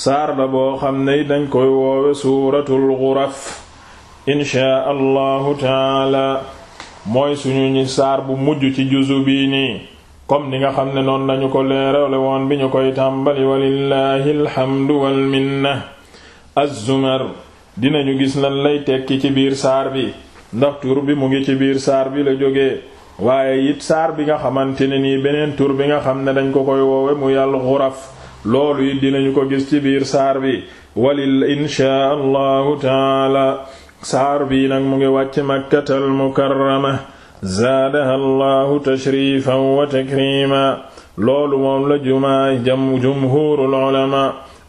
saar la boo xam ne dañ koy woowe suuratul ghuraf inchaa allahu taala mooy suñu ñi saar bu mujj ci juzu bii nii comme ni nga xam ne noonu nañu ko leerale woon bi ñu koy tàmbali walillahi alhamdu wal minna az-zumar dinañu gis lan lay tekki ci biir saar bi ndax tur bi mu ngi ci biir saar bi la jóge waaye it saar bi nga xamante ne nii beneen tur bi nga xam ne dañ ko koy woowe mu yàll ghuraf loolu it dinañu ko gis ci biir saar bi walil inshaa allahu taala saar bi nag mu ngi wàcc makkatal mukarrama zaadaha allahu tashrifan wa loolu moom la jumaa jam jumhurul ulama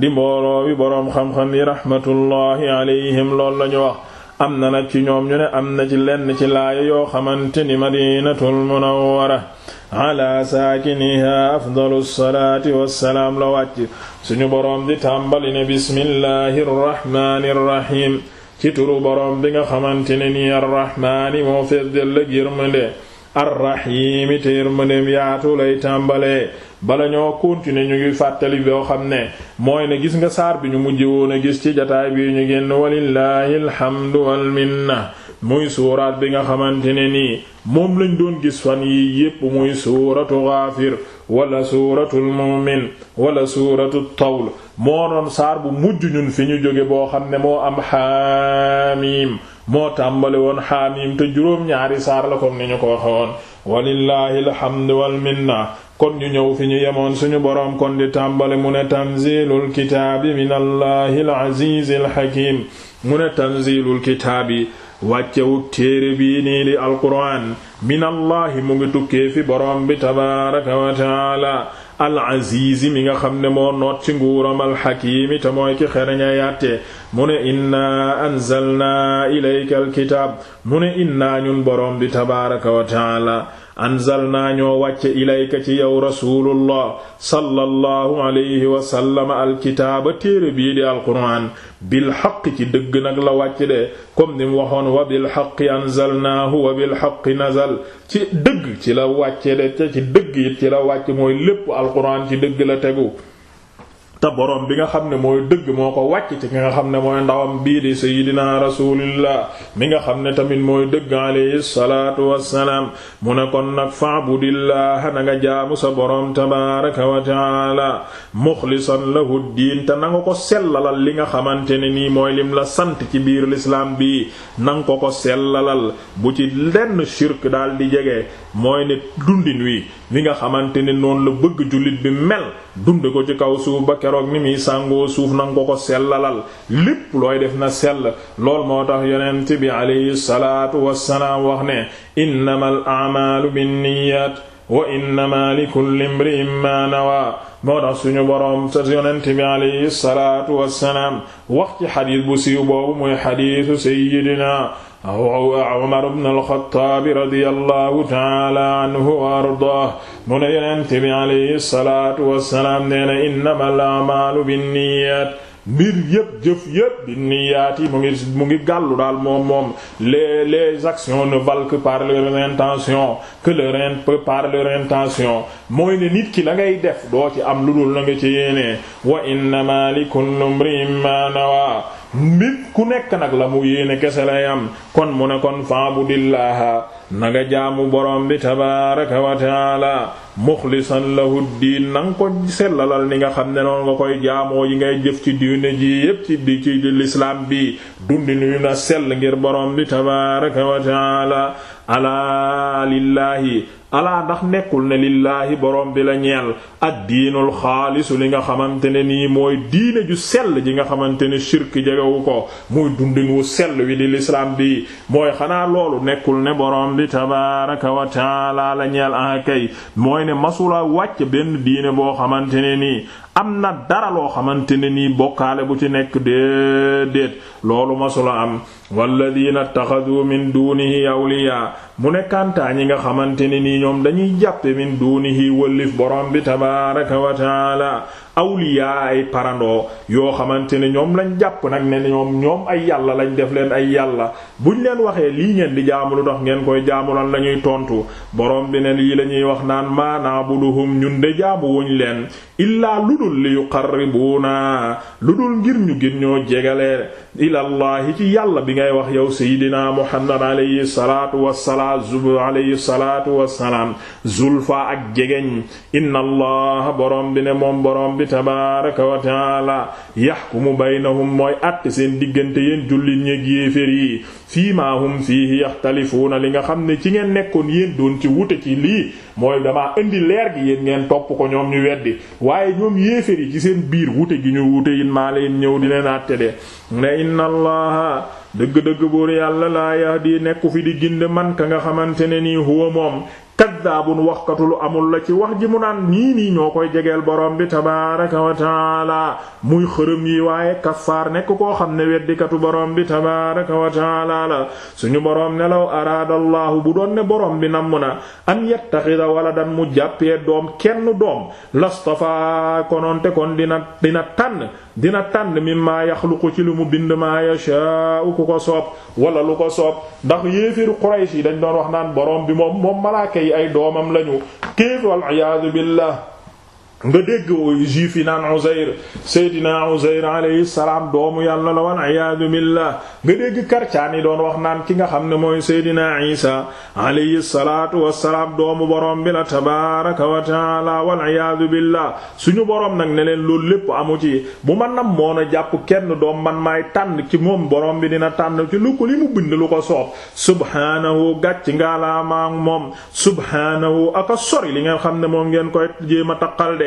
di mbooloo bi boroom xam-xam yi rahmatullahi alayhim loolu lañu wax am na nag ci ñoom ñu am na ci lenn ci laaya yoo xamante ni madinatul munawwara ala saakiniha afdalu salaati la wàcc suñu boroom di tàmbali ne bismillahi rrahmani rrahim ci turu boroom bi nga xamante ne nii arrahmaani moo fees dell ak yërmande arrahimi te bala ñoo continuer ñu ngi fàttali boo xam ne moo ne gis nga saar bi ñu mujj woon gis ci jataay bi ñu génn walillahi alhamdu wal minna muy suuraat bi nga xamante ne nii moom lañ doon gis fan yi yépp muy suuratu Gaafir wala suuratul Mu'min wala suuratul Tawl moo doon saar bu mujj ñun fi ñu jóge boo xam ne moo am Haamiim moo tàmbale woon Haamiim te juróom-ñaari saar la comme ni ñu ko waxoon walillahi alhamdu wal minna kon ñu ñëw fi ñu yemoon suñu boroom kon di tàmbale mu ne tanzilul kitaabi min allahi al aziz al hakim mu ne tanzilul kitaabi wàccewuk téere bii nii di alquraan minallaahi mu ngi tukkee fi boroom bi tabaaraka wa taala al nga xam ne moo noot ci nguuram alxakiimi te mooy ki xereña yatte mu ne innaa anzalnaa ilayka alkitaab mu ne innaa ñun boroom bi tabaaraka wa taala anzalnaa ñoo wàcce ilayka ci yow rasuulullah sallallahu alayhi wa sallam alkitaaba téere bii di alquraan bil xaq ci dëgg nag la wàcc de comme ni mu waxoon wa bil xaqi anzalnaahu wa bil xaqi nazal ci dëgg ci la wàcce de ci dëgg it ci la wàcc mooy lépp alquraan ci dëgg la tegu te borom bi nga xam ne mooy dëgg moo ko wàcc ci nga xam ne mooy ndawam bii di sayidina rasulillah mi nga xam ne tamit mooy dëgg alayhi salaatu wassalaam mu ne kon nag fa'budillaha na nga jaamu sa borom tabaraka wa taala muxlisan lahu diin te na nga ko sellalal li nga xamante ne nii mooy lim la sant ci biir lislaam bi na nga ko ko sellalal bu ci lenn shirk daal di jege mooy ne dundin wi ni nga xamante ne noonu la bëgg jullit bi mel dunde ko ci kaw suuf ba keroog ni muy sàngoo suuf na ko ko sellalal lépp looy def na sell lool moo tax yonent bi alayhi salaatu wassalaam wax ne innamal a'maalu binniyat wa innama likulli imri'in ma nawa moo tax suñu boroom sa yonent bi alayhi salaatu wassalaam wax ci xadiis bu siiw boobu muy xadiisu sayyidina aw Umar ibn al-Khattab radiyallahu ta'ala anhu wa ardaah mu ne Yonent bi alayhi salaatu wassalaam nee na innamal a'maalu binniyaat mbir yëpp jëf yëpp binniyaat yi mu ngi mu ngi gàllu daal moom moom les les actions ne valent que par leur intention que leur in par leur intention mooy ne nit ki la ngay def doo ci am lu dul la nga ci yéene wa innamaa likulli imri'in maa nawaa mbir ku nekk nag la mu yéene kese lay am kon mu ne kon fa'budillaha na nga jaamu borom bi tabaaraka wa taala muxlisan lahu diin na nga ko sellalal ni nga xam ne noonu nga koy jaamoo yi ngay jëf ci diine ji yépp ci di ci lislaam bi dundi nuyu na sell ngir borom bi tabaaraka wa taala alaa lillaahi alaa ndax nekkul ne lillaahi borom bi la ñeel ad diinul xaalisu li nga xamante ne nii mooy diine ju sell ji nga xamante ne shirk jegewu ko muy dundin wu sell wi di lislaam bi mooy xanaa loolu nekkul ne borom bi tabaaraka wa taala la ñeel akay ah, mooy ne masula wàcc benn diine boo xamante ne nii am na dara loo xamante ne nii bokkaale bu ci nekk déedéet loolu masula am walladina taxadu min dunihi awliya mu ne ñi nga xamante ne nii ñoom dañuy jàppe min dunihi wëllif borom bi tabaraka wa taala awliya ay parandoo yoo xamante ne ñoom lañ jàpp nag ne ñoom ñoom ay yàlla lañ def leen ay yàlla buñ leen waxee lii ngeen di jaamu lu tax ngeen koy jaamulan la ñuy tontu borom bi ne lii la ñuy wax naan ma na'buduhum ñun de jaamu wuñ dul li yuqarribuuna lu dul ngir ñu gën ñoo jegalee ilallahi ci yàlla bi ngay wax yow sayidina muhammad alayhi salaatu wasalaam zub alayhi salaatu wasalaam zulfa ak jegeñ inna allah borom bi ne moom borom bi tabaaraka wa taala yaxkumu baynahum mooy àtte seen diggante yéen jullit ñeeg yéefér yi fii maa hum fiihi yaxtalifuuna li nga xam ne ci ngeen nekkoon yéen doon ci wute ci lii mooy damaa indi leer gi yéen ngeen topp ko ñoom ñu weddi waaye ñoom yéefér yi ci seen biir wute gi ñu wute yin maa leen ñëw di leen àtte de inna allaha dëgg-dëgg buur yàlla laa di nekku fi di gind man ka nga xamante ne nii huwa moom kaddaabun waxkatu la ci wax ji mu naan nii nii ñoo koy jegeel borom bi tabaaraka wa taala muy xërëm yi waaye kaffaar nekk koo xam ne weddikatu borom bi tabaaraka wa taala la suñu borom ne law araadallaahu bu doon ne borom bi namm na an yattaxida waladan mu jàppee doom kenn doom lastafa te kon dina dina tànn dina tànn mimma ko ci lu mu bind maa yashaa'u ku ko soob wala lu ko soob ndax yéeféeru Quraysh yi dañ doon wax naan borom bi moom malaaka yi ay ay doomam lañu kéef wal iyaadu billah nga dégg woy juif yi naan Uzayr Seydina Uzayr alayhi salaam doomu yàlla la wal iyaadu billah nga dégg karcaan yi doon wax naan ki nga xam ne mooy Seydina Isa alayhi salaatu wassalaam doomu borom bi la tabaaraka wa taala wal iyaadu billah suñu borom nag ne leen loolu lépp amu ci bu man nam moon a jàpp kenn doom man maay tànn ci moom borom bi dina tànn ci lu ko li mu bind lu ko soob subhaanahu gàcc ngaalaamaa moom subhaanahu aka sori li nga xam ne moom ngeen koy jéem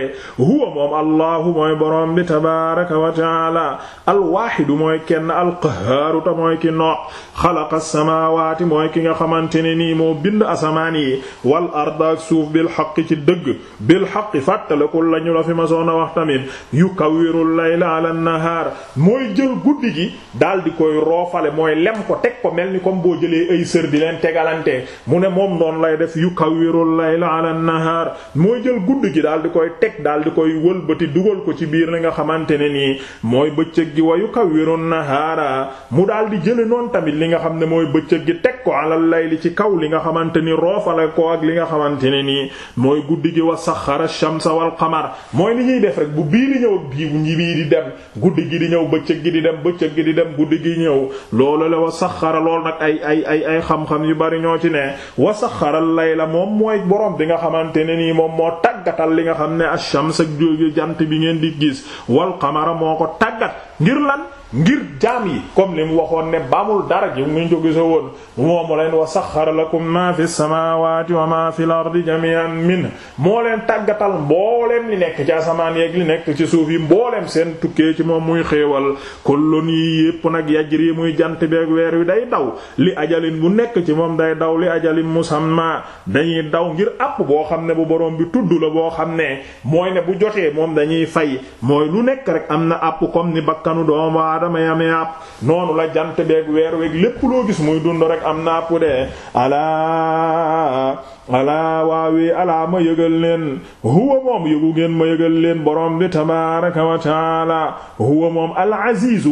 waaye huwa moom allahu mooy boroom bi tabaaraka wa taala alwaaxidu mooy kenn alqahaaru ta mooy ki noox xalaqa samaawaati mooy ki nga xamante ne nii moo bind asamaan yi wal arda ak suuf bil xaqi ci dëgg bil xaqi fàttalikul la ñu la fi ma soon a wax tamit yukawwirul layla ala nahaar mooy jël guddi gi daal koy roofale mooy lem ko teg ko mel ni comme boo jëlee ay sër di leen tegalante mu ne moom noonu lay def yukawwirul layla ala nahaar mooy jël guddi gi daal di teg di koy wëlbati dugal ko ci biir li nga xamante ne nii mooy bëccëg gi wayu kawirun nahaara mu daal di jële noonu tamit li nga xam ne mooy bëccëg gi teg ko alal layli ci kaw li nga xamante ni roofale ko ak li nga xamante ne nii mooy guddi gi wa saxara shamsa wal qamar mooy li ñuy def rek bu bii di ñëw ak bii bii di dem guddi gi di ñëw bëccëg gi di dem bëccëg gi di dem guddi gi ñëw loolu la wa saxara lool nag ay ay ay ay xam-xam yu bari ñoo ci ne wa saxara layla moom mooy bi nga xamante ne nii moom tàggatal li nga xam ne ash-shams ak jóge jant bi ngeen di gis wal qamara moo ko tàggat ngir lan ngir jaam yi comme li mu waxoon ne baamul dara ji mu jóge sa woon moomu leen wa saxxara lakum ma fi samawati wa ma fi al-ardi jami'an min moo leen tàggatal mbooleem li nekk ci asamaan yeeg li nekk ci suuf yi mbooleem seen tukkee ci moom muy xéewal kullun yi yépp nag yajri muy jant beeg weer wi day daw li ajalin bu nekk ci moom day daw li ajalin musamma dañuy daw ngir àpp boo xam ne bu borom bi tudd la boo xam ne mooy ne bu jotee moom dañuy fay mooy lu nekk rek am na àpp comme ni bakkanu doom aadama noonu la jant beeg weer weeg lépp loo gis muy dund rek am naa àpp de alaa alaa waawee alaa ma yëgal leen huwa moom yëgu ngeen ma yëgal leen borom bi tabaaraka wa taala huwa moom al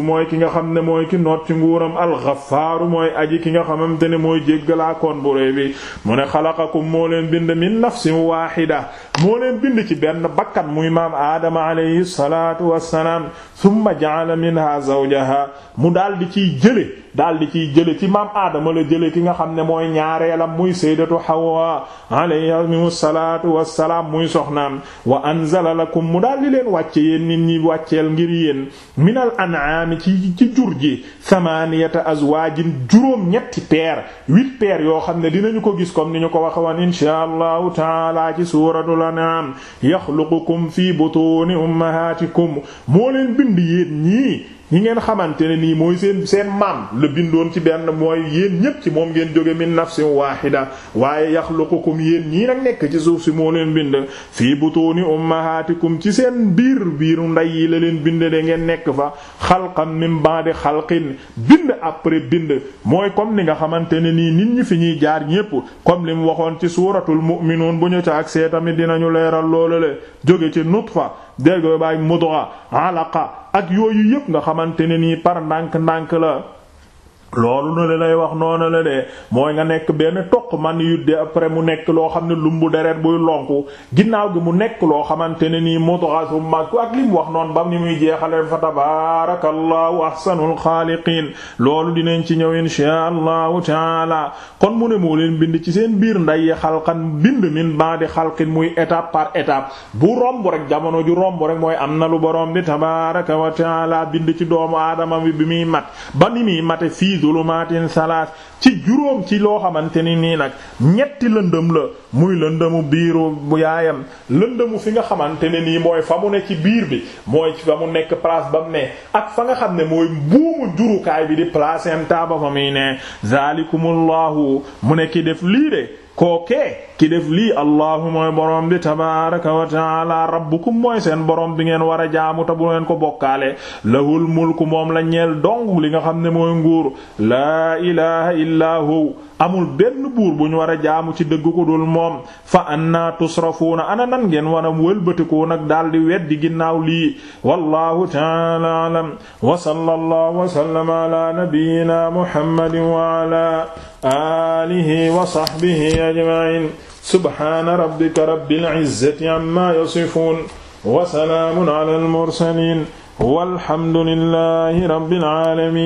mooy ki nga xam ne mooy ki noot ci nguuram al mooy aji ki nga xamante ne mooy jéggalaakoon bu réy bi mu ne xalaqakum bind min nafsin waahida moo leen bind ci benn bakkan muy maam aadama alayhi salaatu wassalaam summa ja'ala minha zawjaha mu daal di ciy jële daal di ciy jële ci maam aadama la jële ki nga xam ne mooy ñaareelam muy alayhi salaatu wassalaam muy soxnaam wa anzala lakum mu daal di leen wàcce yéen nit ñi wàcceel ngir yéen minal an'aami ci ci jur ji thamaniyata azwaajin juróom ñetti paire huit paire yoo xam ne dinañu ko gis comme ni ñu ko waxe woon inshaa allahu taala ci suuratul an'aam yaxluqukum fi butuuni ummahaatikum moo leen bind yéen ñii ñi ngeen xamante ne nii mooy seen seen maam la bindoon ci benn mooy yéen ñépp ci moom ngeen jóge min nafsin waahida waaye yaxluqukum yéen ñii nag nekk ci suuf si moo leen bind fii butuuni ummahaatikum ci seen biir biiru ndey yi la leen bind de ngeen nekk fa xalqan min ba'di xalqin bind après bind mooy comme ni nga xamante ne nii nit ñi fi ñuy jaar ñépp comme li mu waxoon ci suuratul mu'minuun bu ñu ca ak see tamit dinañu leeral loolu le jóge ci nutfa dégg nga bàyyi muduwa alaqa ak yooyu yëpp nga xamante ne nii par ndànk-ndànk la loolu na la lay wax noonu la de mooy nga nekk benn toq man yu yudde après mu nekk loo xam ne lumbu deret buy lonku ginnaaw gi mu nekk loo xamante ne nii mudghatu mak ak li mu wax noonu ba ni muy jeexaleen fa tabarakallahu ahsanul xaaliqiin loolu dinañ ci ñëw inshaa allahu taala kon mu ne moo leen bind ci seen biir nday xalqan bind min di xalqin muy étape par étape bu romb rek jamono ju romb rek mooy am na lu borom bi tabaraka wa taala bind ci doomu aadama bi bi zulumaatin salaas ci juróom ci loo xamante ni nii nag ñetti lëndëm la muy lëndëmu biiru bu yaayam lëndëmu fi nga xamante ne nii mooy fa mu ne ci biir bi mooy fa mu nekk place ba mu ne ak fa nga xam ne mooy buumu jurukaay bi di placenta ba fa muy ne zaalikumullahu mu ne ki def lii de kookee ki def lii allahu mooy borom bi tabaaraka wa taala rabbukum mooy seen borom bi ngeen war a jaamu te bu ngeen ko bokkaale lahul mulku moom la ñeel dong li nga xam ne mooy nguur laa ilaaha illaa hu amul benn buur bu ñu war a jaamu ci dëgg ko dul moom fa anna tusrafuuna ana nan ngeen war a wëlbatikoo nag daal di weddi ginnaaw lii wallahu ta'ala a'lam wa sallallahu wa sallama ala nabiyyina muhammadin wa ala alihi wa sahbihi ajma'in subhana rabbika rabbil izzati amma yasifun wa salamun ala al mursalin walhamdulillahi rabbil alamin